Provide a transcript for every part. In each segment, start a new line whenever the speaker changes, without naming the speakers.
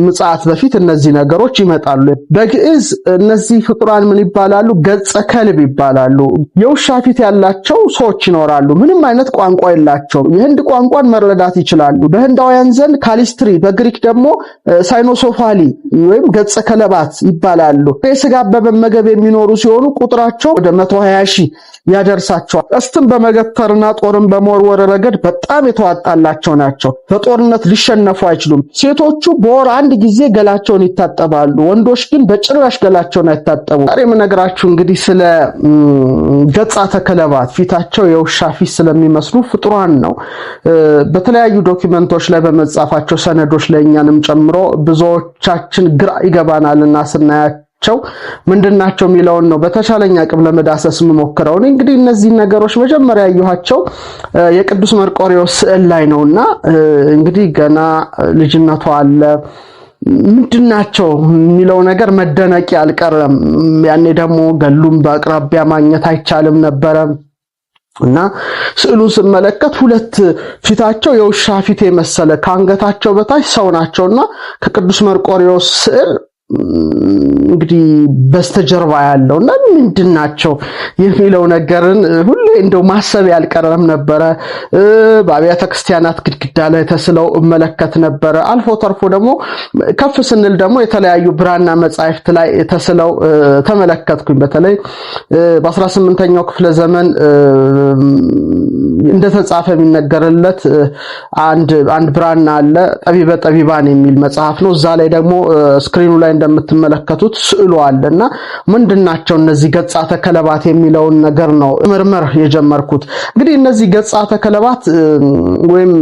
ምጽአት በፊት እነዚህ ነገሮች ይመጣሉ። በግዕዝ እነዚህ ፍጡራን ምን ይባላሉ? ገጸ ከልብ ይባላሉ። የውሻ ፊት ያላቸው ሰዎች ይኖራሉ። ምንም አይነት ቋንቋ የላቸው የህንድ ቋንቋን መረዳት ይችላሉ። በህንዳውያን ዘንድ ካሊስትሪ፣ በግሪክ ደግሞ ሳይኖሶፋሊ ወይም ገጸ ከለባት ይባላሉ። ስጋ በመመገብ የሚኖሩ ሲሆኑ ቁጥራቸው ወደ መቶ ሀያ ሺህ ያደርሳቸዋል። ቀስትም በመገተርና ጦርን በመወርወር ረገድ በጣም የተዋጣላቸው ናቸው። በጦርነት ሊሸነፉ አይችሉም። ሴቶቹ በወራ አንድ ጊዜ ገላቸውን ይታጠባሉ። ወንዶች ግን በጭራሽ ገላቸውን አይታጠቡ። ዛሬ የምነግራችሁ እንግዲህ ስለ ገጻ ተከለባት ፊታቸው የውሻ ፊት ስለሚመስሉ ፍጡራን ነው። በተለያዩ ዶኪመንቶች ላይ በመጻፋቸው ሰነዶች ለእኛንም ጨምሮ ብዙዎቻችን ግራ ይገባናልና ስናያቸው ናቸው ምንድን ናቸው የሚለውን ነው በተቻለኝ አቅም ለመዳሰስ የምሞክረው። እኔ እንግዲህ እነዚህን ነገሮች መጀመሪያ ያየኋቸው የቅዱስ መርቆሪዎ ስዕል ላይ እና እንግዲህ ገና ልጅነቷ አለ ምንድን ናቸው የሚለው ነገር መደነቂ አልቀረም። ያኔ ደግሞ ገሉም በአቅራቢያ ማግኘት አይቻልም ነበረ እና ስዕሉን ስመለከት ሁለት ፊታቸው የውሻ ፊት የመሰለ ከአንገታቸው በታች ሰው እና ከቅዱስ መርቆሬዎስ ስዕል እንግዲህ በስተጀርባ ያለው እና ምንድን ናቸው የሚለው ነገርን ሁሌ እንደው ማሰብ ያልቀረም ነበረ። በአብያተ ክርስቲያናት ግድግዳ ላይ ተስለው እመለከት ነበረ። አልፎ ተርፎ ደግሞ ከፍ ስንል ደግሞ የተለያዩ ብራና መጻሕፍት ላይ ተስለው ተመለከትኩኝ። በተለይ በ18ኛው ክፍለ ዘመን እንደተጻፈ የሚነገርለት አንድ ብራና አለ። ጠቢበ ጠቢባን የሚል መጽሐፍ ነው። እዛ ላይ ደግሞ ስክሪኑ ላይ እንደምትመለከቱት ስዕሉ አለ እና ምንድናቸው እነዚህ ገጻተ ከለባት የሚለውን ነገር ነው ምርምር የጀመርኩት። እንግዲህ እነዚህ ገጻተ ከለባት ወይም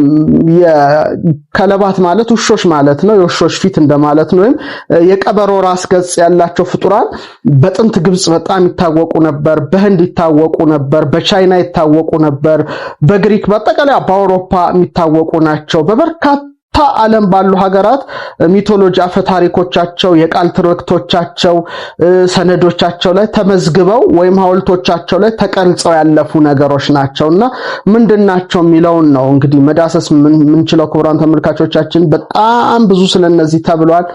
የከለባት ማለት ውሾች ማለት ነው፣ የውሾች ፊት እንደማለት ነው። ወይም የቀበሮ ራስ ገጽ ያላቸው ፍጡራን በጥንት ግብጽ በጣም ይታወቁ ነበር፣ በህንድ ይታወቁ ነበር፣ በቻይና ይታወቁ ነበር፣ በግሪክ በአጠቃላይ በአውሮፓ የሚታወቁ ናቸው በበርካታ ዓለም ባሉ ሀገራት ሚቶሎጂ አፈ ታሪኮቻቸው የቃል ትርክቶቻቸው ሰነዶቻቸው ላይ ተመዝግበው ወይም ሀውልቶቻቸው ላይ ተቀርጸው ያለፉ ነገሮች ናቸው እና ምንድን ናቸው የሚለውን ነው እንግዲህ መዳሰስ የምንችለው። ክቡራን ተመልካቾቻችን በጣም ብዙ ስለነዚህ ተብሏል።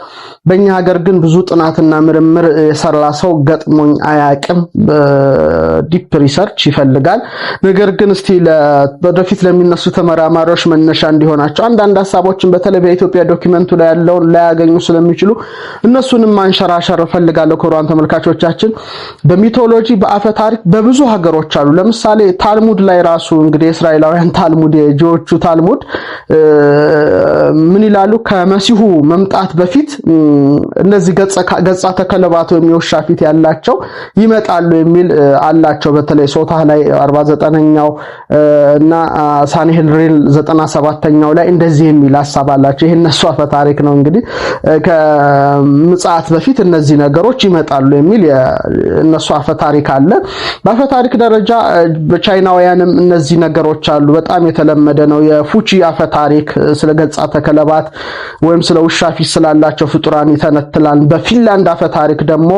በእኛ ሀገር ግን ብዙ ጥናትና ምርምር የሰራ ሰው ገጥሞኝ አያቅም። ዲፕ ሪሰርች ይፈልጋል። ነገር ግን እስቲ ወደፊት ለሚነሱ ተመራማሪዎች መነሻ እንዲሆናቸው አንዳንድ ሀሳቦችን በተለይ በኢትዮጵያ ዶክመንቱ ላይ ያለውን ላያገኙ ስለሚችሉ እነሱንም ማንሸራሸር እፈልጋለሁ። ክቡራን ተመልካቾቻችን በሚቶሎጂ በአፈ ታሪክ በብዙ ሀገሮች አሉ። ለምሳሌ ታልሙድ ላይ ራሱ እንግዲህ የእስራኤላውያን ታልሙድ የጆቹ ታልሙድ ምን ይላሉ? ከመሲሁ መምጣት በፊት እነዚህ ገጻ ተከለባት ወይም የውሻ ፊት ያላቸው ይመጣሉ የሚል አላቸው። በተለይ ሶታ ላይ 49ኛው እና ሳንሄድሪን 97ኛው ላይ እንደዚህ የሚል ሀሳብ ሀሳብ አላቸው። ይሄ እነሱ አፈ ታሪክ ነው። እንግዲህ ከምጽአት በፊት እነዚህ ነገሮች ይመጣሉ የሚል እነሱ አፈ ታሪክ አለ። በአፈ ታሪክ ደረጃ በቻይናውያንም እነዚህ ነገሮች አሉ። በጣም የተለመደ ነው። የፉቺ አፈ ታሪክ ስለ ገጻ ተከለባት ወይም ስለ ውሻ ፊት ስላላቸው ፍጡራን ይተነትላል። በፊንላንድ አፈ ታሪክ ደግሞ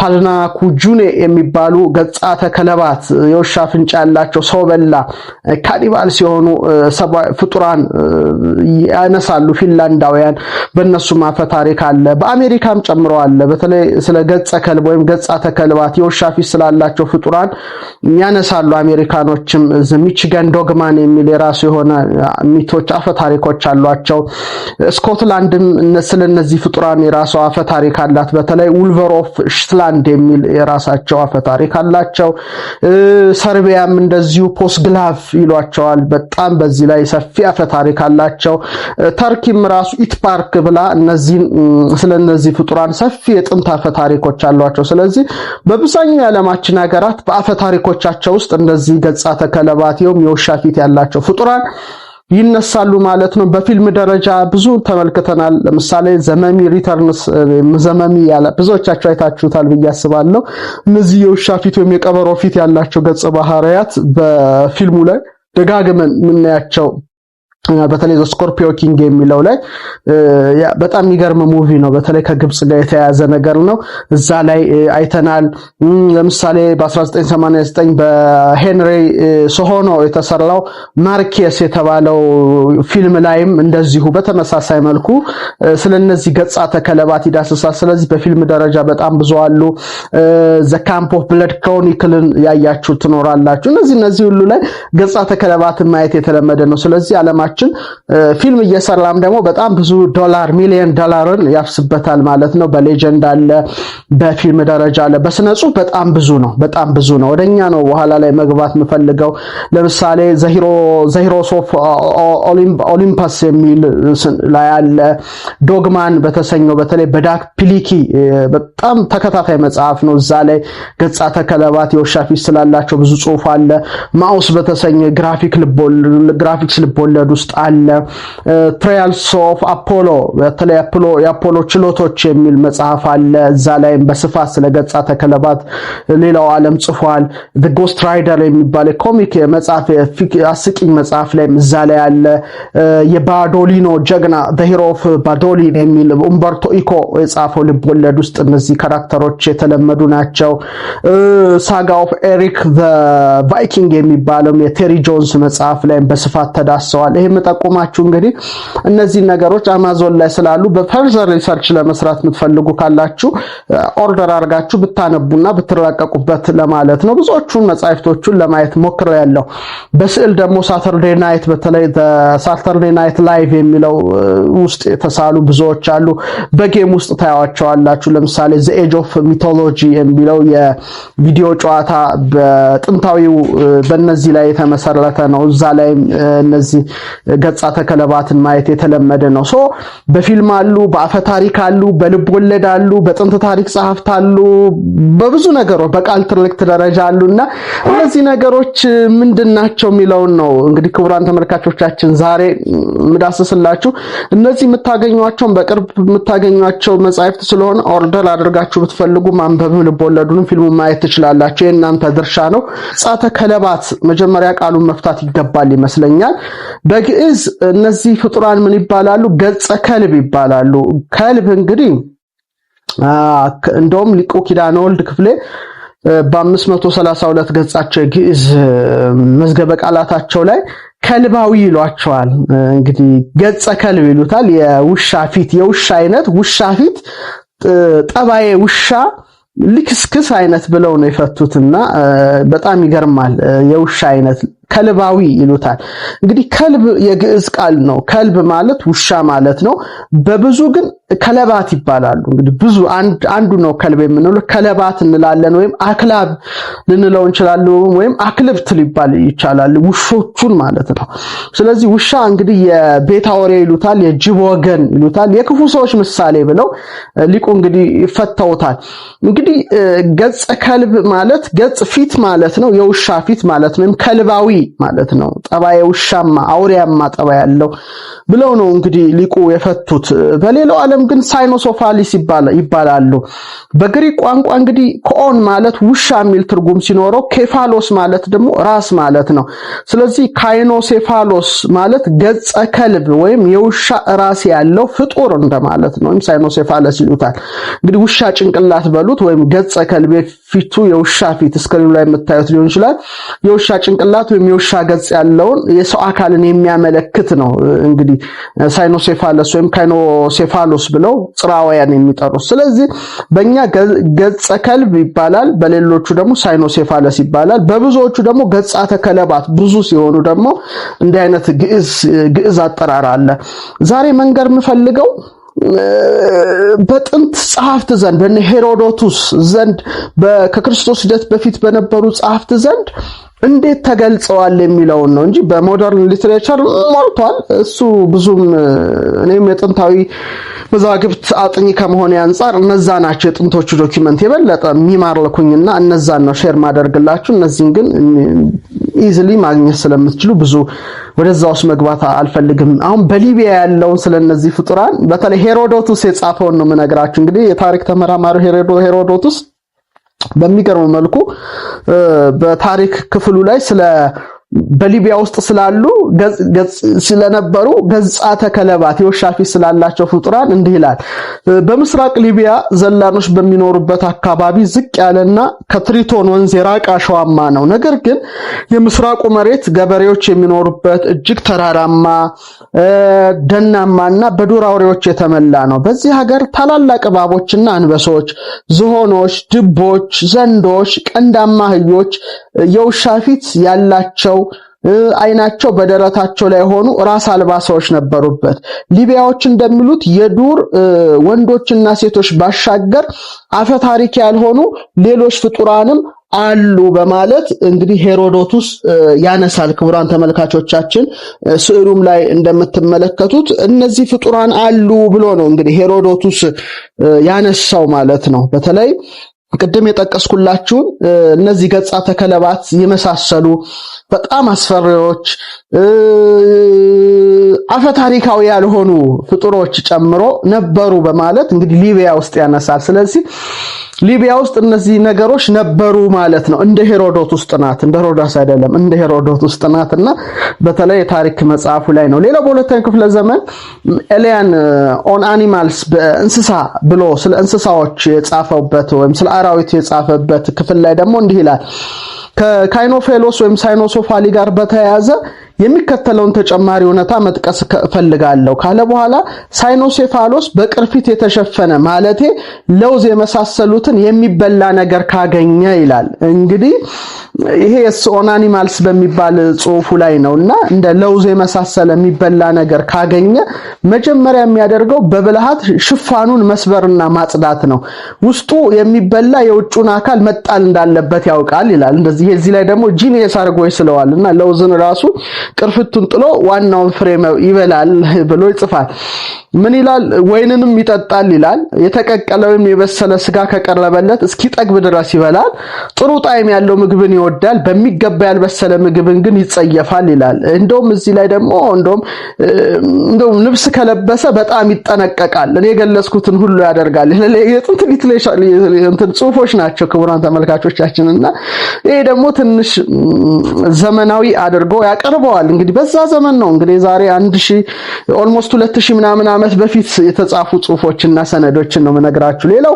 ፓልናኩጁኔ የሚባሉ ገጻ ተከለባት የውሻ አፍንጫ ያላቸው ሰው በላ ካኒባል ሲሆኑ ፍጡራን ያነሳሉ ፊንላንዳውያን። በእነሱ ማፈ ታሪክ አለ። በአሜሪካም ጨምሮ አለ። በተለይ ስለ ገጸ ከልብ ወይም ገጻ ተከልባት የውሻ ፊት ስላላቸው ፍጡራን ያነሳሉ። አሜሪካኖችም ሚችጋን ዶግማን የሚል የራሱ የሆነ ሚቶች አፈ ታሪኮች አሏቸው። ስኮትላንድም ስለ እነዚህ ፍጡራን የራሱ አፈ ታሪክ አላት። በተለይ ውልቨር ኦፍ ሽትላንድ የሚል የራሳቸው አፈ ታሪክ አላቸው። ሰርቢያም እንደዚሁ ፖስግላቭ ይሏቸዋል። በጣም በዚህ ላይ ሰፊ አፈ ታሪክ አላቸው። ናቸው። ተርኪም ራሱ ኢት ፓርክ ብላ እነዚህን ስለ እነዚህ ፍጡራን ሰፊ የጥንት አፈ ታሪኮች አሏቸው። ስለዚህ በብዛኛው የዓለማችን ሀገራት በአፈ ታሪኮቻቸው ውስጥ እነዚህ ገጻ ተከለባት የውሻ ፊት ያላቸው ፍጡራን ይነሳሉ ማለት ነው። በፊልም ደረጃ ብዙ ተመልክተናል። ለምሳሌ ዘመሚ ሪተርንስ ዘመሚ ያለ ብዙዎቻቸው አይታችሁታል ብዬ አስባለሁ። እነዚህ የውሻ ፊት ወይም የቀበሮ ፊት ያላቸው ገጸ ባህሪያት በፊልሙ ላይ ደጋግመን የምናያቸው በተለይ ስኮርፒዮ ኪንግ የሚለው ላይ በጣም የሚገርም ሙቪ ነው። በተለይ ከግብፅ ጋር የተያያዘ ነገር ነው። እዛ ላይ አይተናል። ለምሳሌ በ1989 በሄንሪ ሶሆኖ የተሰራው ማርኬስ የተባለው ፊልም ላይም እንደዚሁ በተመሳሳይ መልኩ ስለነዚህ ገጻ ተከለባት ይዳስሳል። ስለዚህ በፊልም ደረጃ በጣም ብዙ አሉ። ዘ ካምፕ ኦፍ ብለድ ክሮኒክልን ያያችሁ ትኖራላችሁ። እነዚህ እነዚህ ሁሉ ላይ ገጻ ተከለባትን ማየት የተለመደ ነው። ስለዚህ አለማ ሀገራችን ፊልም እየሰራም ደግሞ በጣም ብዙ ዶላር ሚሊዮን ዶላርን ያፍስበታል ማለት ነው። በሌጀንድ አለ፣ በፊልም ደረጃ አለ፣ በስነ ጽሁፍ በጣም ብዙ ነው። በጣም ብዙ ነው። ወደኛ ነው በኋላ ላይ መግባት የምፈልገው። ለምሳሌ ዘሂሮስ ኦፍ ኦሊምፐስ የሚል ላይ አለ። ዶግማን በተሰኘው በተለይ በዳክ ፒሊኪ በጣም ተከታታይ መጽሐፍ ነው። እዛ ላይ ገጻ ተከለባት የውሻ ፊት ስላላቸው ብዙ ጽሁፍ አለ። ማውስ በተሰኘ ግራፊክስ ልቦለዱ ውስጥ አለ። ትራያልስ ኦፍ አፖሎ በተለይ የአፖሎ ችሎቶች የሚል መጽሐፍ አለ። እዛ ላይም በስፋት ስለ ገጻ ተከለባት ሌላው ዓለም ጽፏል። ጎስት ራይደር የሚባል ኮሚክ መጽሐፍ አስቂኝ መጽሐፍ ላይም እዛ ላይ አለ። የባዶሊኖ ጀግና ዘ ሂሮ ኦፍ ባዶሊን የሚል ኡምበርቶ ኢኮ የጻፈው ልብ ወለድ ውስጥ እነዚህ ካራክተሮች የተለመዱ ናቸው። ሳጋ ኦፍ ኤሪክ ቫይኪንግ የሚባለው የቴሪ ጆንስ መጽሐፍ ላይም በስፋት ተዳሰዋል። ይህ የምጠቁማችሁ እንግዲህ እነዚህ ነገሮች አማዞን ላይ ስላሉ በፈርዘር ሪሰርች ለመስራት የምትፈልጉ ካላችሁ ኦርደር አድርጋችሁ ብታነቡና ብትረቀቁበት ለማለት ነው። ብዙዎቹን መጽሐፍቶቹን ለማየት ያለው በስዕል ደግሞ ሳተርዴ ናይት በተለይ ሳተርዴ ናይት ላይቭ የሚለው ውስጥ የተሳሉ ብዙዎች አሉ። በጌም ውስጥ ታያዋቸዋላችሁ። ለምሳሌ ዘ ኤጅ ኦፍ ሚቶሎጂ የሚለው የቪዲዮ ጨዋታ በጥንታዊው በነዚህ ላይ የተመሰረተ ነው። እዛ ላይም እነዚህ ገጻ ተከለባትን ማየት የተለመደ ነው። ሶ በፊልም አሉ፣ በአፈ ታሪክ አሉ፣ በልብ ወለድ አሉ፣ በጥንት ታሪክ ጸሐፍት አሉ፣ በብዙ ነገሮች በቃል ትርክት ደረጃ አሉና እነዚህ ነገሮች ምንድን ናቸው የሚለውን ነው እንግዲህ ክቡራን ተመልካቾቻችን ዛሬ ምዳስስላችሁ። እነዚህ የምታገኟቸውን በቅርብ የምታገኟቸው መጻሕፍት ስለሆነ ኦርደር አድርጋችሁ ብትፈልጉ ማንበብ ልቦለዱንም ፊልሙ ማየት ትችላላችሁ። የእናንተ ድርሻ ነው። ጻተ ከለባት መጀመሪያ ቃሉን መፍታት ይገባል ይመስለኛል። በጌ በግዕዝ እነዚህ ፍጡራን ምን ይባላሉ? ገጸ ከልብ ይባላሉ። ከልብ እንግዲህ እንደውም ሊቁ ኪዳነ ወልድ ክፍሌ በ532 ገጻቸው የግዕዝ መዝገበ ቃላታቸው ላይ ከልባዊ ይሏቸዋል። እንግዲህ ገጸ ከልብ ይሉታል። የውሻ ፊት፣ የውሻ አይነት፣ ውሻ ፊት፣ ጠባዬ ውሻ ልክስክስ አይነት ብለው ነው የፈቱትና በጣም ይገርማል። የውሻ አይነት ከልባዊ ይሉታል። እንግዲህ ከልብ የግዕዝ ቃል ነው። ከልብ ማለት ውሻ ማለት ነው። በብዙ ግን ከለባት ይባላሉ። እንግዲህ ብዙ አንዱ ነው ከልብ የምንለው ከለባት እንላለን፣ ወይም አክላብ ልንለው እንችላለን፣ ወይም አክልብት ሊባል ይቻላል፣ ውሾቹን ማለት ነው። ስለዚህ ውሻ እንግዲህ የቤት አውሬ ይሉታል፣ የጅብ ወገን ይሉታል፣ የክፉ ሰዎች ምሳሌ ብለው ሊቁ እንግዲህ ይፈተውታል። እንግዲህ ገጽ ከልብ ማለት ገጽ ፊት ማለት ነው፣ የውሻ ፊት ማለት ነው፣ ወይም ከልባዊ ማለት ነው። ጠባየ ውሻማ አውሬያማ ጠባይ ያለው ብለው ነው እንግዲህ ሊቁ የፈቱት። በሌላው ዓለም ግን ሳይኖሶፋሊስ ይባላሉ። በግሪክ ቋንቋ እንግዲህ ኮኦን ማለት ውሻ የሚል ትርጉም ሲኖረው ኬፋሎስ ማለት ደግሞ ራስ ማለት ነው። ስለዚህ ካይኖሴፋሎስ ማለት ገጸ ከልብ ወይም የውሻ ራስ ያለው ፍጡር እንደማለት ነው። ወይም ሳይኖሴፋለስ ይሉታል። እንግዲህ ውሻ ጭንቅላት በሉት ወይም ገጸ ከልብ ፊቱ የውሻ ፊት እስክሪኑ ላይ የምታዩት ሊሆን ይችላል። የውሻ ጭንቅላት ወይም የውሻ ገጽ ያለውን የሰው አካልን የሚያመለክት ነው። እንግዲህ ሳይኖሴፋለስ ወይም ካይኖሴፋሎስ ብለው ጽራውያን የሚጠሩት። ስለዚህ በእኛ ገጸ ከልብ ይባላል፣ በሌሎቹ ደግሞ ሳይኖሴፋለስ ይባላል። በብዙዎቹ ደግሞ ገጻተ ከለባት ብዙ ሲሆኑ ደግሞ እንዲህ አይነት ግዕዝ አጠራር አለ። ዛሬ መንገር የምፈልገው ጥንት ጸሐፍት ዘንድ በሄሮዶቱስ ዘንድ ከክርስቶስ ልደት በፊት በነበሩ ጸሐፍት ዘንድ እንዴት ተገልጸዋል የሚለውን ነው እንጂ በሞደርን ሊትሬቸር ሞልቷል። እሱ ብዙም እኔም የጥንታዊ መዛግብት አጥኚ ከመሆን አንጻር እነዛ ናቸው የጥንቶቹ ዶኪመንት የበለጠ የሚማርልኩኝና እነዛን ነው ሼር ማደርግላችሁ። እነዚህን ግን ኢዝሊ ማግኘት ስለምትችሉ ብዙ ወደዛ ውስጥ መግባት አልፈልግም። አሁን በሊቢያ ያለውን ስለነዚህ ፍጡራን በተለይ ሄሮዶቱስ የጻፈውን ነው የምነግራችሁ። እንግዲህ የታሪክ ተመራማሪ ሄሮዶቱስ በሚገርም መልኩ በታሪክ ክፍሉ ላይ ስለ በሊቢያ ውስጥ ስላሉ ስለነበሩ ገጻተ ከለባት የውሻ ፊት ስላላቸው ፍጡራን እንዲህ ይላል። በምስራቅ ሊቢያ ዘላኖች በሚኖሩበት አካባቢ ዝቅ ያለና ከትሪቶን ወንዝ የራቀ አሸዋማ ነው። ነገር ግን የምስራቁ መሬት ገበሬዎች የሚኖሩበት እጅግ ተራራማ፣ ደናማና በዱር አውሬዎች የተሞላ ነው። በዚህ ሀገር ታላላቅ እባቦችና አንበሶች፣ ዝሆኖች፣ ድቦች፣ ዘንዶች፣ ቀንዳማ አህዮች የውሻ ፊት ያላቸው አይናቸው በደረታቸው ላይ የሆኑ ራስ አልባ ሰዎች ነበሩበት። ሊቢያዎች እንደሚሉት የዱር ወንዶችና ሴቶች ባሻገር አፈታሪክ ያልሆኑ ሌሎች ፍጡራንም አሉ በማለት እንግዲህ ሄሮዶቱስ ያነሳል። ክቡራን ተመልካቾቻችን ስዕሉም ላይ እንደምትመለከቱት እነዚህ ፍጡራን አሉ ብሎ ነው እንግዲህ ሄሮዶቱስ ያነሳው ማለት ነው። በተለይ ቅድም የጠቀስኩላችሁን እነዚህ ገጻ ተከለባት የመሳሰሉ በጣም አስፈሪዎች አፈ ታሪካዊ ያልሆኑ ፍጡሮች ጨምሮ ነበሩ በማለት እንግዲህ ሊቢያ ውስጥ ያነሳል። ስለዚህ ሊቢያ ውስጥ እነዚህ ነገሮች ነበሩ ማለት ነው። እንደ ሄሮዶቱስ ጥናት እንደ ሄሮዳስ አይደለም፣ እንደ ሄሮዶቱስ እና በተለይ የታሪክ መጽሐፉ ላይ ነው። ሌላው በሁለተኛ ክፍለ ዘመን ኤሊያን ኦን አኒማልስ እንስሳ ብሎ ስለ እንስሳዎች የጻፈበት ወይም ስለ አራዊት የጻፈበት ክፍል ላይ ደግሞ እንዲህ ይላል ከካይኖፌሎስ ወይም ሳይኖሶፋሊ ጋር በተያያዘ የሚከተለውን ተጨማሪ እውነታ መጥቀስ እፈልጋለሁ ካለ በኋላ ሳይኖሴፋሎስ በቅርፊት የተሸፈነ ማለቴ ለውዝ የመሳሰሉትን የሚበላ ነገር ካገኘ ይላል። እንግዲህ ይሄ ኦን አኒማልስ በሚባል ጽሁፉ ላይ ነው እና እንደ ለውዝ የመሳሰለ የሚበላ ነገር ካገኘ መጀመሪያ የሚያደርገው በብልሃት ሽፋኑን መስበርና ማጽዳት ነው። ውስጡ የሚበላ የውጭን አካል መጣል እንዳለበት ያውቃል ይላል። እንደዚህ የዚህ ላይ ደግሞ ጂኒየስ አድርጎ ይስለዋል እና ለውዝን ራሱ ቅርፍቱን ጥሎ ዋናውን ፍሬ ይበላል ብሎ ይጽፋል። ምን ይላል? ወይንንም ይጠጣል ይላል። የተቀቀለ ወይም የበሰለ ስጋ ከቀረበለት እስኪጠግብ ድረስ ይበላል። ጥሩ ጣዕም ያለው ምግብን ይወዳል፣ በሚገባ ያልበሰለ ምግብን ግን ይጸየፋል ይላል። እንደውም እዚህ ላይ ደግሞ እንደውም ልብስ ከለበሰ በጣም ይጠነቀቃል፣ እኔ የገለጽኩትን ሁሉ ያደርጋል። የጥንት ጽሁፎች ናቸው ክቡራን ተመልካቾቻችን እና ይሄ ደግሞ ትንሽ ዘመናዊ አድርጎ ያቀርበዋል። ጽፈዋል። እንግዲህ በዛ ዘመን ነው እንግዲህ ዛሬ አንድ ሺህ ኦልሞስት ሁለት ሺህ ምናምን ዓመት በፊት የተጻፉ ጽሁፎችና ሰነዶችን ነው የምነግራችሁ። ሌላው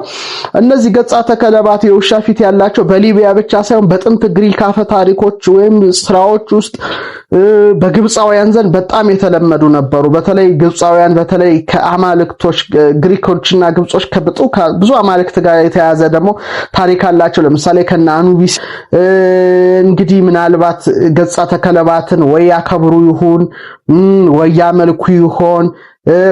እነዚህ ገጻ ተከለባት የውሻ ፊት ያላቸው በሊቢያ ብቻ ሳይሆን በጥንት ግሪክ አፈ ታሪኮች ወይም ስራዎች ውስጥ በግብፃውያን ዘንድ በጣም የተለመዱ ነበሩ። በተለይ ግብፃውያን በተለይ ከአማልክቶች ግሪኮችና ግብጾች ብዙ አማልክት ጋር የተያዘ ደግሞ ታሪክ አላቸው። ለምሳሌ ከነ አኑቢስ እንግዲህ ምናልባት ገጻ ተከለባትን ወይ ያከብሩ ይሁን ወያ መልኩ ይሆን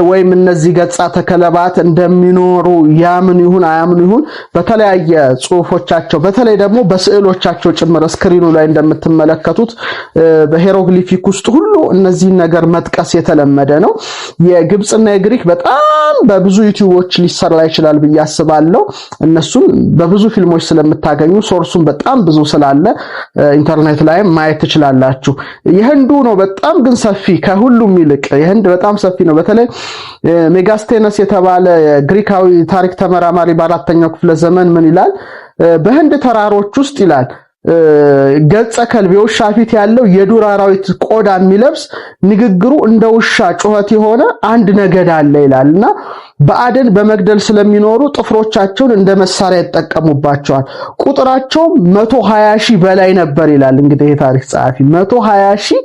ወይም እነዚህ ገጻ ተከለባት እንደሚኖሩ ያምን ይሁን አያምን ይሁን በተለያየ ጽሁፎቻቸው በተለይ ደግሞ በስዕሎቻቸው ጭምር ስክሪኑ ላይ እንደምትመለከቱት በሄሮግሊፊክ ውስጥ ሁሉ እነዚህን ነገር መጥቀስ የተለመደ ነው። የግብፅና የግሪክ በጣም በብዙ ዩቲዩቦች ሊሰራ ይችላል ብዬ አስባለሁ። እነሱም በብዙ ፊልሞች ስለምታገኙ ሶርሱም በጣም ብዙ ስላለ ኢንተርኔት ላይም ማየት ትችላላችሁ። የህንዱ ነው በጣም ግን ሰፊ ከሁሉም ይልቅ የህንድ በጣም ሰፊ ነው በተለይ ሜጋስቴነስ የተባለ ግሪካዊ ታሪክ ተመራማሪ በአራተኛው ክፍለ ዘመን ምን ይላል? በህንድ ተራሮች ውስጥ ይላል ገጸ ከልብ የውሻ ፊት ያለው የዱር አራዊት ቆዳ የሚለብስ ንግግሩ እንደ ውሻ ጩኸት የሆነ አንድ ነገድ አለ ይላል እና በአደን በመግደል ስለሚኖሩ ጥፍሮቻቸውን እንደ መሳሪያ ይጠቀሙባቸዋል። ቁጥራቸውም መቶ ሀያ ሺህ በላይ ነበር ይላል። እንግዲህ የታሪክ ጸሐፊ መቶ ሀያ ሺህ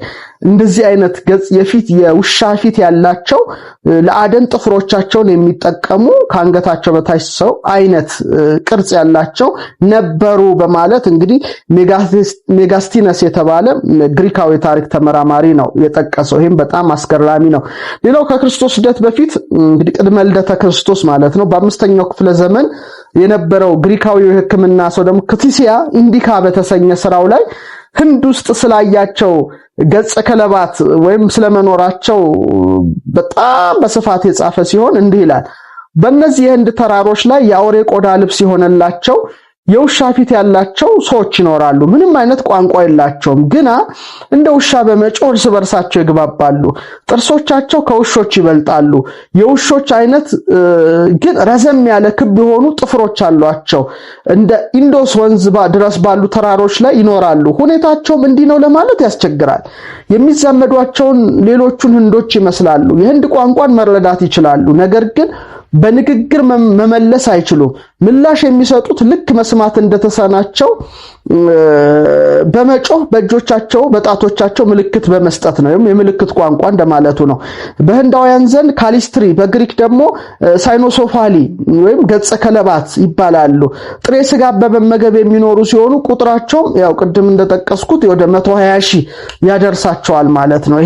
እንደዚህ አይነት ገጽ የፊት የውሻ ፊት ያላቸው ለአደን ጥፍሮቻቸውን የሚጠቀሙ ከአንገታቸው በታች ሰው አይነት ቅርጽ ያላቸው ነበሩ በማለት እንግዲህ ሜጋስቲነስ የተባለ ግሪካዊ ታሪክ ተመራማሪ ነው የጠቀሰው። ይህም በጣም አስገራሚ ነው። ሌላው ከክርስቶስ ልደት በፊት እንግዲህ ቅድመ ልደተ ክርስቶስ ማለት ነው በአምስተኛው ክፍለ ዘመን የነበረው ግሪካዊ ህክምና ሰው ደግሞ ክቲሲያ ኢንዲካ በተሰኘ ስራው ላይ ህንድ ውስጥ ስላያቸው ገጸ ከለባት ወይም ስለመኖራቸው በጣም በስፋት የጻፈ ሲሆን እንዲህ ይላል። በእነዚህ የህንድ ተራሮች ላይ የአውሬ ቆዳ ልብስ የሆነላቸው የውሻ ፊት ያላቸው ሰዎች ይኖራሉ። ምንም አይነት ቋንቋ የላቸውም፣ ግና እንደ ውሻ በመጮህ እርስ በርሳቸው ይግባባሉ። ጥርሶቻቸው ከውሾች ይበልጣሉ። የውሾች አይነት ግን ረዘም ያለ ክብ የሆኑ ጥፍሮች አሏቸው። እንደ ኢንዶስ ወንዝ ድረስ ባሉ ተራሮች ላይ ይኖራሉ። ሁኔታቸውም እንዲህ ነው ለማለት ያስቸግራል። የሚዛመዷቸውን ሌሎቹን ህንዶች ይመስላሉ። የህንድ ቋንቋን መረዳት ይችላሉ፣ ነገር ግን በንግግር መመለስ አይችሉም። ምላሽ የሚሰጡት ልክ መስማት እንደተሳናቸው በመጮህ በእጆቻቸው በጣቶቻቸው ምልክት በመስጠት ነው። የምልክት ቋንቋ እንደማለቱ ነው። በህንዳውያን ዘንድ ካሊስትሪ፣ በግሪክ ደግሞ ሳይኖሶፋሊ ወይም ገጸ ከለባት ይባላሉ። ጥሬ ስጋ በመመገብ የሚኖሩ ሲሆኑ ቁጥራቸውም ያው ቅድም እንደጠቀስኩት ወደ 120 ሺህ ያደርሳቸዋል ማለት ነው።